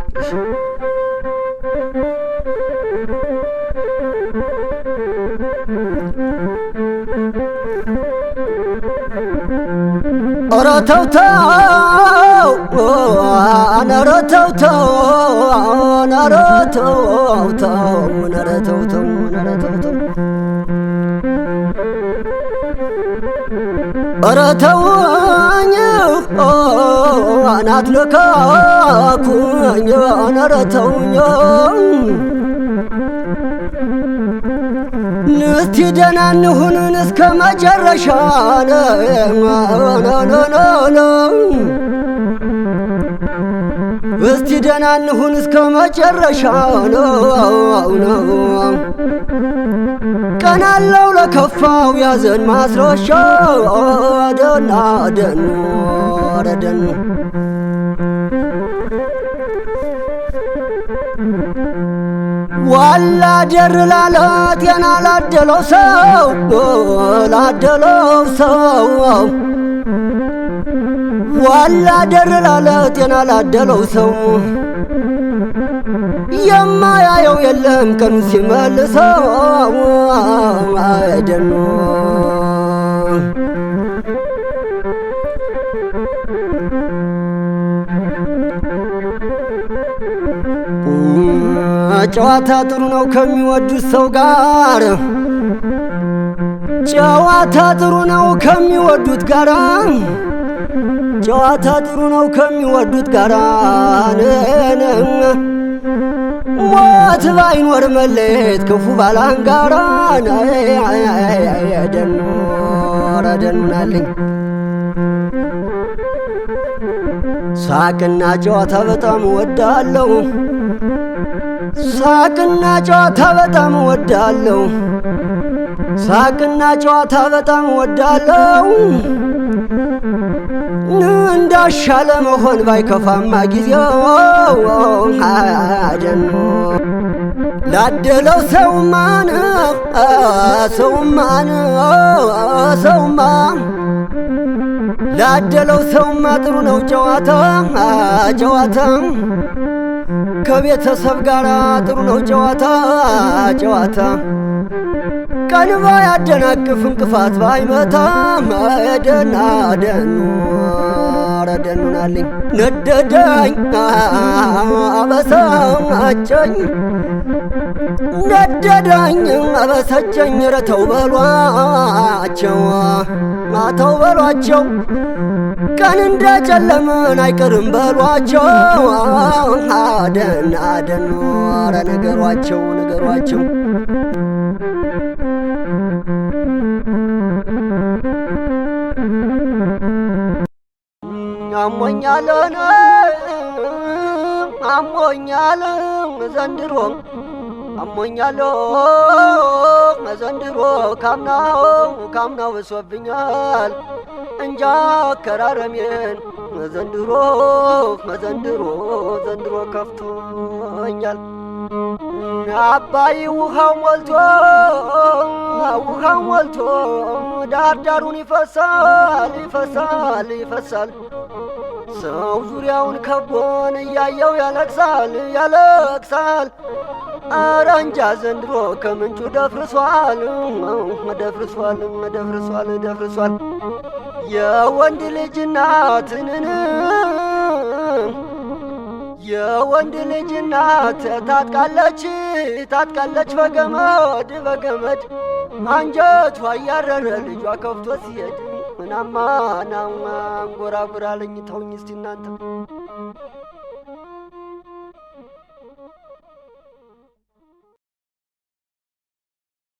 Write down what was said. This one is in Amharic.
ኧረ ተው ተው ኧረ ተው ተው ኧረ ተው ተው ኧረ ተው ተው ኧረ ተው ተው ኧረ ተወኝ አናት ነካኩኝ ኧረ ተውኝ እስቲ ደህና እንሁንን እስከ መጨረሻ እስቲ ደህና እንሁን እስከ መጨረሻው ነው ነው ቀናለው ለከፋው ያዘን ማስረሻ ደና ደኑ ረደኑ ዋላ ደር ላለ ጤና ላደለው ሰው ላደለው ሰው ዋላ ደር ላለ ጤና ላደለው ሰው የማያየው የለም ቀኑ ሲመልሰው አይደኖ ጨዋታ ጥሩ ነው ከሚወዱት ሰው ጋር ጨዋታ ጥሩ ነው ከሚወዱት ጋር ጨዋታ ጥሩ ነው ከሚወዱት ጋር ነንም ሞት ባይኖር መለየት ክፉ ባላን ጋራ ደኖረ ደኑናልኝ ሳቅና ጨዋታ በጣም ወዳለው ሳቅና ጨዋታ በጣም ወዳለው ሳቅና ጨዋታ በጣም ወዳለው ጋሻ ለመሆን ባይከፋማ ጊዜው አደኖ ላደለው ሰውማ ነው ሰውማ ነው ሰውማ ላደለው ሰውማ ጥሩ ነው ጨዋታ ጨዋታ ከቤተሰብ ጋር ጥሩ ነው ጨዋታ ጨዋታ ቀን ባያደናቅፍ እንቅፋት ባይመታ መደና ደኑ ረደኑናልኝ ነደዳኝ አበሳጨኝ ነደዳኝ አበሰጨኝ ረተው በሏቸው ማተው በሏቸው ቀን እንደ ጨለመን አይቀርም በሏቸው አደን አደን ኧረ ነገሯቸው ነገሯቸው አሞኛል እኔም አሞኛል ዘንድሮም አሞኛል ዘንድሮ ካምናው ካምናው እሶብኛል እንጃ አከራረሜን መዘንድሮ መዘንድሮ ዘንድሮ ከፍቶኛል። አባይ ውሃው ሞልቶ ውሃው ሞልቶ ዳርዳሩን ዳሩን ይፈሳል ይፈሳል ይፈሳል ሰው ዙሪያውን ከቦን እያየው ያለቅሳል ያለቅሳል። አረ እንጃ ዘንድሮ ከምንጩ ደፍርሷል ደፍርሷል ደፍርሷል ደፍርሷል። የወንድ ልጅ እናትንን የወንድ ልጅ እናት ታጥቃለች ታጥቃለች በገመድ በገመድ አንጀቷ እያረረ ልጇ ከፍቶ ሲሄድ ናማ ናማ አንጎራጉራለኝ ተውኝ እስቲ እናንተ